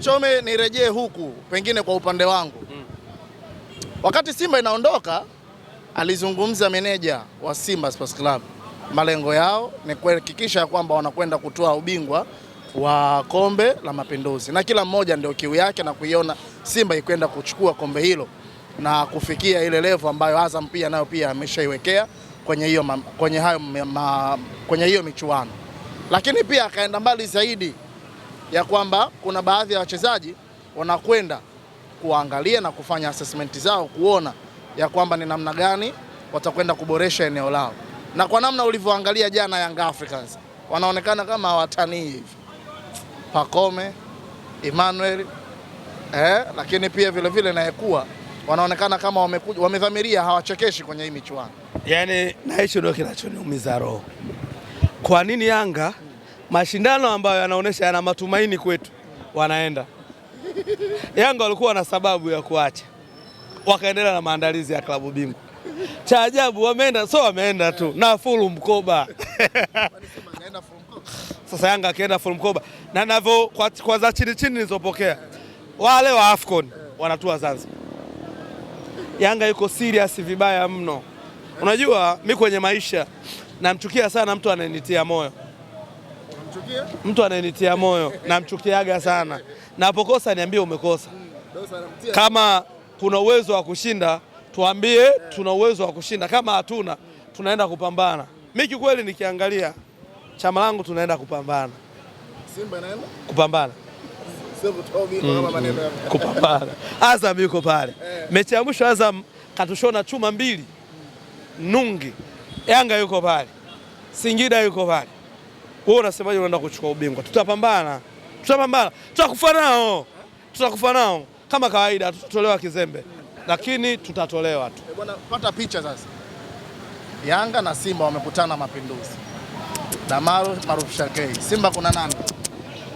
Chome, nirejee huku pengine kwa upande wangu mm. Wakati Simba inaondoka alizungumza meneja wa Simba Sports Club, malengo yao ni kuhakikisha kwamba wanakwenda kutoa ubingwa wa kombe la Mapinduzi, na kila mmoja ndio kiu yake na kuiona Simba ikwenda kuchukua kombe hilo na kufikia ile levo ambayo Azam pia nayo pia ameshaiwekea kwenye hiyo kwenye hayo kwenye hiyo michuano, lakini pia akaenda mbali zaidi ya kwamba kuna baadhi ya wachezaji wanakwenda kuangalia na kufanya assessment zao kuona ya kwamba ni namna gani watakwenda kuboresha eneo lao, na kwa namna ulivyoangalia jana Young Africans wanaonekana kama watanii hivi Pakome Emmanuel eh, lakini pia vilevile nayekuwa wanaonekana kama wamekuja wamedhamiria, hawachekeshi kwenye hii michuano. Yani na hicho ndio kinachoniumiza roho. Kwa nini Yanga mashindano ambayo yanaonyesha yana matumaini kwetu, wanaenda Yanga walikuwa na sababu ya kuacha, wakaendelea na maandalizi ya klabu bingwa. Cha ajabu wameenda, so wameenda tu na fulu mkoba Sasa Yanga akienda fulu mkoba na navyo kwa, kwa za chini chini nilizopokea wale wa Afcon wanatua Zanzibar. Yanga yuko serious vibaya mno. Unajua mi kwenye maisha namchukia sana mtu anayenitia moyo mtu anayenitia moyo namchukiaga sana, napokosa niambie umekosa. Kama kuna uwezo wa kushinda tuambie eh. tuna uwezo wa kushinda, kama hatuna tunaenda kupambana. Mimi kikweli nikiangalia chama langu tunaenda kupambana Simba inaenda kupambana mm-hmm. kupambana. Azam yuko pale eh. mechi ya mwisho, Azam katushona chuma mbili nungi. Yanga yuko pale, Singida yuko pale wewe unasemaje? Unaenda kuchukua ubingwa? Tutapambana, tutapambana, tutakufa nao, tutakufa nao kama kawaida. Tutatolewa kizembe, lakini tutatolewa tu eh, bwana. Pata picha sasa. Yanga na Simba wamekutana Mapinduzi, Damaru Maruf Shakei. Simba kuna nani?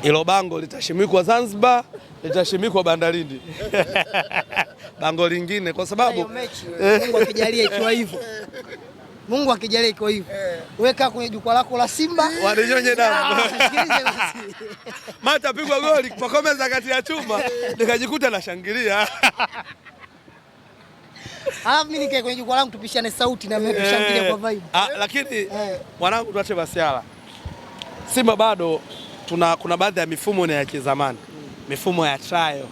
Hilo bango litashimikwa Zanzibar, litashimikwa bandarini bango lingine kwa sababu Mungu ikiwa hivyo Mungu akijalia iko hivyo. Eh. Weka kwenye jukwaa lako la Simba. Wananyonye damu. Ah, Mata pigwa goli pakome za kati ya chuma nikajikuta nashangilia. Alafu mimi nikae kwenye jukwaa langu tupishane sauti na mimi tushangilie eh. kwa vibe. Ah, lakini eh. mwanangu tuache basi hala. Simba bado tuna kuna baadhi ya mifumo ni ya kizamani. Mm. Mifumo ya trial.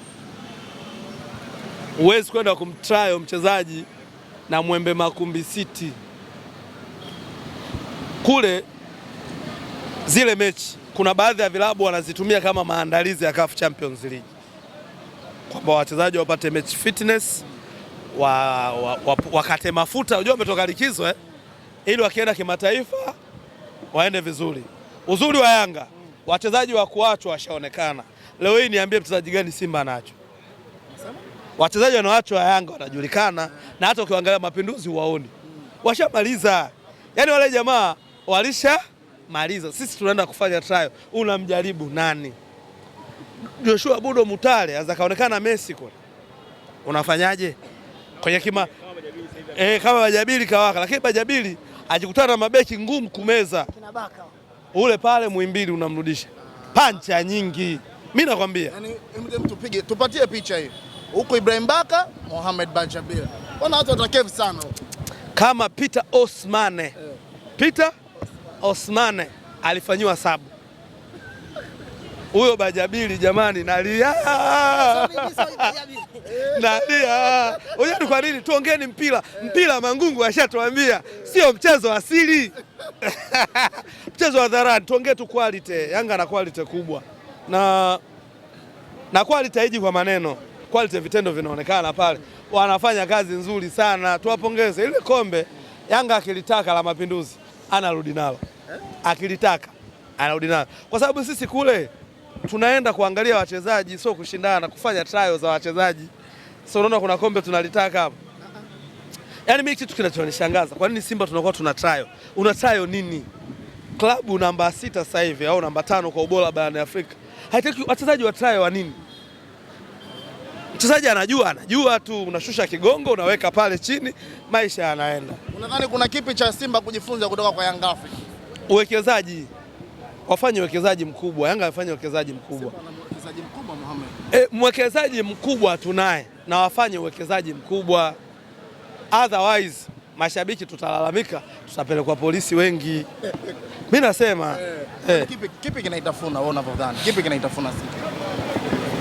Huwezi kwenda kumtrial mchezaji na Mwembe Makumbi City kule zile mechi kuna baadhi ya vilabu wanazitumia kama maandalizi ya CAF Champions League, kwamba wachezaji wapate match fitness, wa, wa, wa, wakate mafuta, unajua wametoka likizo eh, ili wakienda kimataifa waende vizuri. Uzuri wa Yanga wachezaji wa kuachwa washaonekana. Leo hii niambie, mchezaji gani Simba anacho? Wachezaji wanaoachwa wa Yanga wanajulikana, na hata ukiangalia Mapinduzi uwaoni, washamaliza. yani wale jamaa walishamaliza, sisi tunaenda kufanya trial. Unamjaribu nani? Joshua Budo Mutale aza kaonekana Messi kule, unafanyaje kwenye kima eh, kama Bajabili kawaka, lakini Bajabili ajikutana na mabeki ngumu kumeza ule pale mwimbili unamrudisha pancha nyingi, mi nakwambia. Yaani, tupige tupatie picha hii huko, Ibrahim Baka, Mohamed Bajabir, wana watu watakevu sana kama Peter Osmane, yeah. Peter Osmane alifanyiwa sabu huyo Bajabili jamani, nalia nalia. ni kwa nini? Tuongeeni mpira. Mpira Mangungu ashatuambia sio mchezo asili mchezo wa dharani. Tuongee tu quality. Yanga na quality kubwa, na na quality haiji kwa maneno, quality vitendo vinaonekana pale. Wanafanya kazi nzuri sana, tuwapongeze. Ile kombe Yanga akilitaka la Mapinduzi anarudi nalo akilitaka anarudi nalo, kwa sababu sisi kule tunaenda kuangalia wachezaji, sio kushindana, kufanya trial za wachezaji. So unaona kuna kombe tunalitaka hapo. Yaani mimi kitu kinachonishangaza, kwa nini Simba tunakuwa tuna trial? Una trial nini? Klabu namba sita sasa hivi au namba tano kwa ubora barani Afrika haitaki wachezaji wa trial wa nini? Mchezaji anajua anajua tu, unashusha kigongo unaweka pale chini, maisha yanaenda. Unadhani kuna kipi cha Simba kujifunza kutoka kwa Young Africans? uwekezaji wafanye uwekezaji mkubwa. Yanga afanye uwekezaji mkubwa, eh, mwekezaji mkubwa tunaye, na wafanye uwekezaji mkubwa, otherwise mashabiki tutalalamika, tutapelekwa polisi wengi. Mi nasema eh, eh. eh kipi, kipi kinaitafuna wewe unavyodhani? Kipi kinaitafuna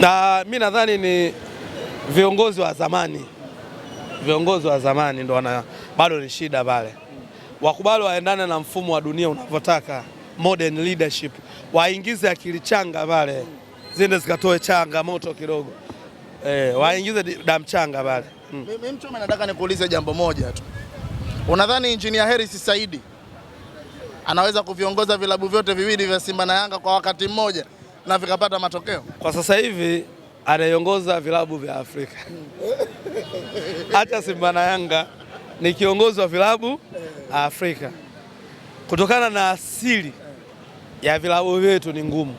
Na mi nadhani ni viongozi wa zamani, viongozi wa zamani ndo wana bado ni shida pale wakubali waendane na mfumo wa dunia unavyotaka, modern leadership, waingize akili changa pale, zinde zikatoe changamoto kidogo eh, waingize damu changa pale. Mimi hmm. Mchome, nataka nikuulize jambo moja tu. Unadhani Injinia Harris Saidi anaweza kuviongoza vilabu vyote viwili vya Simba na Yanga kwa wakati mmoja na vikapata matokeo? Kwa sasa hivi anaiongoza vilabu vya Afrika, hmm. acha Simba na Yanga ni kiongozi wa vilabu Afrika. Kutokana na asili ya vilabu vyetu ni ngumu,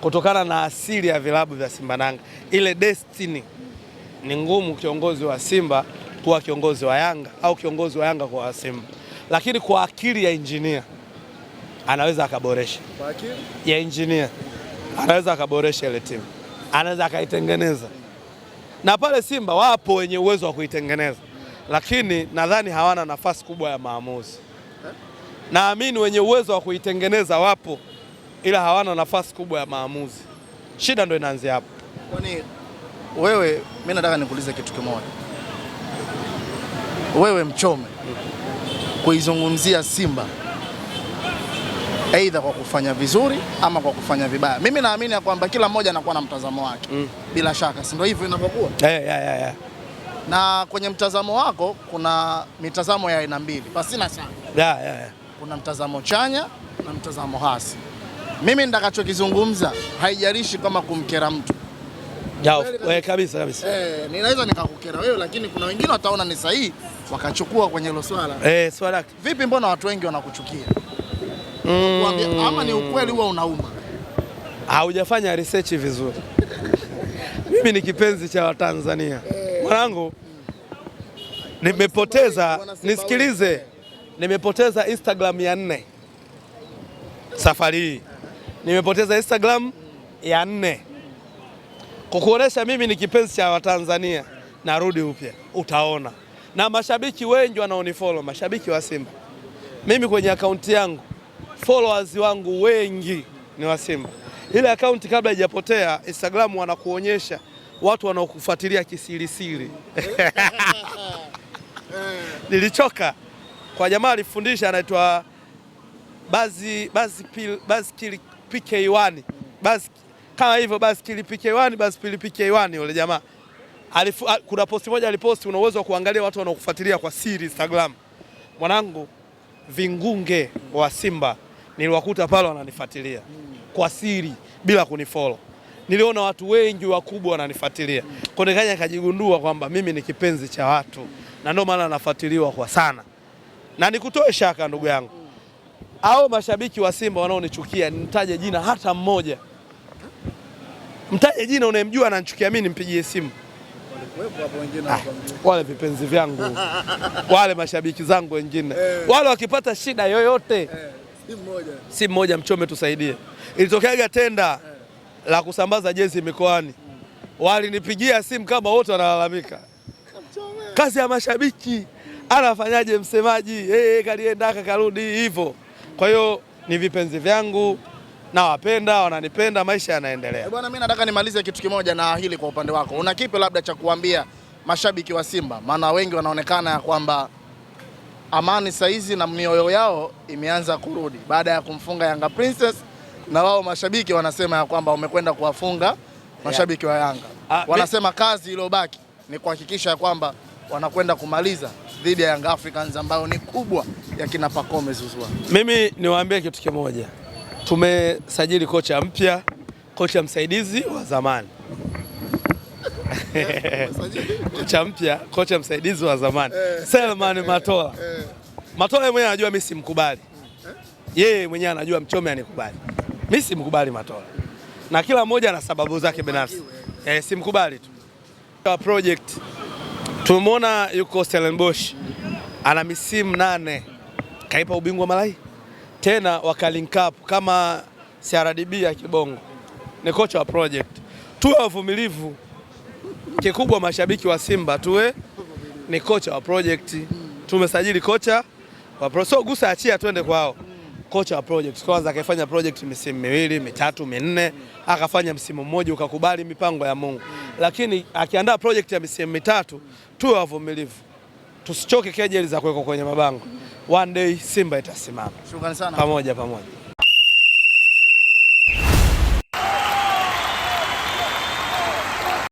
kutokana na asili ya vilabu vya Simba Nanga, ile destiny ni ngumu kiongozi wa Simba kuwa kiongozi wa Yanga au kiongozi wa Yanga kwa Simba, lakini kwa akili ya injinia anaweza akaboresha, kwa akili ya injinia anaweza akaboresha ile timu, anaweza akaitengeneza, na pale Simba wapo wenye uwezo wa kuitengeneza lakini nadhani hawana nafasi kubwa ya maamuzi. Naamini wenye uwezo wa kuitengeneza wapo, ila hawana nafasi kubwa ya maamuzi. Shida ndo inaanzia hapo. Kwani wewe, mimi nataka nikuulize kitu kimoja. Wewe Mchome, kuizungumzia Simba aidha kwa kufanya vizuri ama kwa kufanya vibaya, mimi naamini ya kwamba kila mmoja anakuwa na mtazamo wake mm. Bila shaka, si ndio hivyo inavyokuwa? yeah, yeah, yeah. Na kwenye mtazamo wako kuna mitazamo ya aina mbili pasina sana yeah, ya, ya. Kuna mtazamo chanya na mtazamo hasi. Mimi nitakachokizungumza haijalishi kama kumkera mtu yeah, eh, we, kabisa kabisa. Eh, ninaweza nikakukera wewe, lakini kuna wengine wataona ni sahihi wakachukua kwenye hilo swala eh, swala. Vipi, mbona watu wengi wanakuchukia? Mm. Ama ni ukweli huwa unauma, haujafanya research vizuri mimi ni kipenzi cha Watanzania eh mwanangu, nimepoteza nisikilize, nimepoteza Instagram ya nne safari hii, nimepoteza Instagram ya nne kwa mimi ni kipenzi cha Watanzania. Narudi upya, utaona na mashabiki wengi wanaonifollow, mashabiki wa Simba. Mimi kwenye akaunti yangu followers wangu wengi ni wa Simba. Ile akaunti kabla haijapotea Instagram wanakuonyesha watu wanaokufuatilia kisirisiri nilichoka kwa jamaa alifundisha, anaitwa Bazi Bazi Pil Bazi Kili PK1 Bazi kama hivyo Bazi Kili PK1 Bazi Pili PK1 yule jamaa alifu, al, kuna posti moja aliposti, una uwezo wa kuangalia watu wanaokufuatilia kwa siri Instagram. Mwanangu, vingunge wa Simba niliwakuta pale wananifuatilia kwa siri bila kunifollow niliona watu wengi wakubwa wananifuatilia, kwa nikaja nikajigundua kwamba mimi ni kipenzi cha watu na ndio maana nafuatiliwa kwa sana. Na nikutoe shaka ndugu yangu, hao mashabiki wa Simba wanaonichukia, nitaje jina hata mmoja? Mtaje jina unayemjua ananichukia mimi, nimpigie simu? Ah, wale vipenzi vyangu wale mashabiki zangu wengine eh, wale wakipata shida yoyote eh, simu moja, simu moja mchome tusaidie. Ilitokeaga tenda eh la kusambaza jezi mikoani. Walinipigia simu kama wote wanalalamika, kazi ya mashabiki anafanyaje msemaji, hey, eh, eh, kalienda kakarudi hivyo. Kwa hiyo ni vipenzi vyangu nawapenda, wananipenda, maisha yanaendelea. Eh, bwana, mimi nataka nimalize kitu kimoja na hili. Kwa upande wako, una kipi labda cha kuambia mashabiki wa Simba? Maana wengi wanaonekana ya kwamba amani saizi na mioyo yao imeanza kurudi baada ya kumfunga Yanga Princess na wao mashabiki wanasema ya kwamba wamekwenda kuwafunga mashabiki wa Yanga. Ah, wanasema kazi iliyobaki ni kuhakikisha ya kwamba wanakwenda kumaliza dhidi ya Young Africans ambayo ni kubwa ya kina Pacome Zouzoua. Mimi niwaambie kitu kimoja, tumesajili kocha mpya, kocha msaidizi wa zamani kocha mpya, kocha msaidizi wa zamani eh. Selman Matola. Eh. Matola mwenyewe anajua mimi simkubali, eh? yeye mwenyewe anajua Mchome anikubali. Mimi simkubali Matola na kila mmoja ana sababu zake binafsi eh, simkubali tu. Kwa project tumemwona yuko Stellenbosch ana misimu nane kaipa ubingwa malai tena wa link up kama CRDB ya Kibongo. Ni kocha wa project, tuwe wavumilivu. Kikubwa mashabiki wa Simba tuwe ni kocha wa project. Tumesajili kocha wa pro, so gusa achia, twende kwao kocha wa project kwanza akaifanya project misimu miwili mitatu minne, akafanya msimu mmoja ukakubali mipango ya Mungu, lakini akiandaa project ya misimu mitatu, tuwe wavumilivu, tusichoke kejeli za kuwekwa kwenye mabango. One day Simba itasimama. Shukrani sana. Pamoja pamoja.